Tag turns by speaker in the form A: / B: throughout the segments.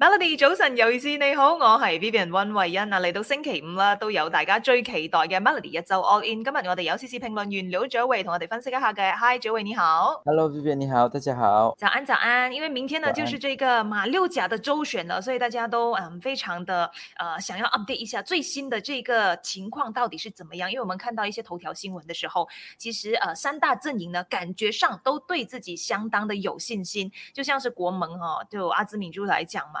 A: Melody 早晨，尤其是你好，我係 Vivian One 温慧欣啊，嚟到星期五啦，都有大家最期待嘅 Melody 一周 all in。今日我哋有時事評論員卓偉同我哋分析一下嘅。Hi 卓偉你好
B: ，Hello Vivian 你好，大家好。
A: 早安早安，因為明天呢安就是這個馬六甲的州選啦，所以大家都嗯非常的誒、呃、想要 update 一下最新的這個情況到底是怎麼樣。因為我們看到一些頭條新聞的時候，其實誒、呃、三大陣營呢感覺上都對自己相當的有信心，就像是國盟哦、啊，就阿茲敏珠來講嘛。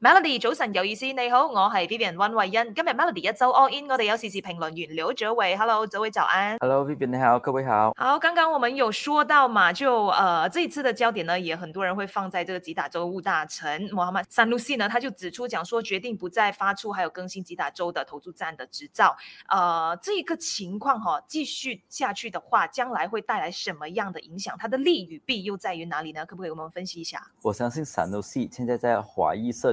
A: Melody 早晨有意思，你好，我係 Vivian 温慧欣。今日 Melody 一周 All In，我哋有時事評論員，劉哲偉，Hello，哲偉早安
B: ，Hello，Vivian 你好，各位好。
A: 好，剛剛我們有說到嘛，就呃，這一次的焦點呢，也很多人會放在這個吉打州務大臣，Muhammad Sanusi 呢，他就指出講說，決定不再發出還有更新吉打州的投注站的執照，呃，這一個情況哈、哦，繼續下去的話，將來會帶來什麼樣的影響？它的利與弊又在於哪裏呢？可不可以我們分析一下？
B: 我相信 Sanusi 現在在華裔社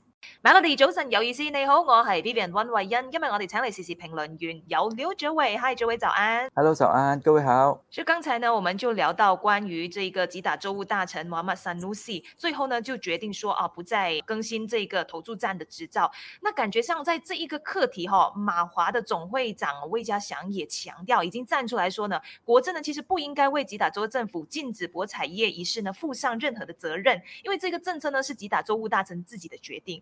A: 大家好，早晨，有意思，你好，我 vivian 係 B B 人溫 a 欣，今日我哋請嚟時時評論員，有料，諸位，嗨，這位，早安
B: h e l l o 就晏，各位好。所、
A: so, 剛才呢，我們就聊到關於這個吉打州務大臣 s mama 馬馬 u 努西，San i, 最後呢就決定說啊，不再更新這個投注站的執照。那感覺上，在這一個課題、哦，哈，馬華的總會長魏家祥也強調，已經站出來說呢，國政呢其實不應該為吉打州政府禁止博彩業一事呢負上任何的責任，因為這個政策呢是吉打州務大臣自己的決定。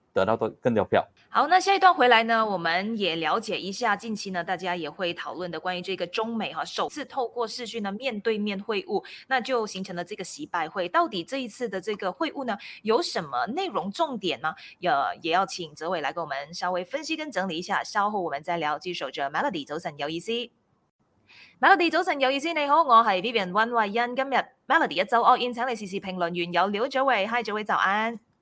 B: 得到的更多票。
A: 好，那下一段回來呢，我們也了解一下近期呢，大家也會討論的關於這個中美哈首次透過視訊的面對面會晤，那就形成了這個習拜會。到底這一次的這個會晤呢，有什麼內容重點呢？也也要請哲偉來跟我們稍微分析跟整理一下。稍後我們再聊。記守者 Melody 早晨有意思，Melody 早晨有意思，你好，我係 Vivian n 溫慧欣。今日 Melody 一周，我現請嚟時事評論員由劉哲偉。嗨，哲偉早安。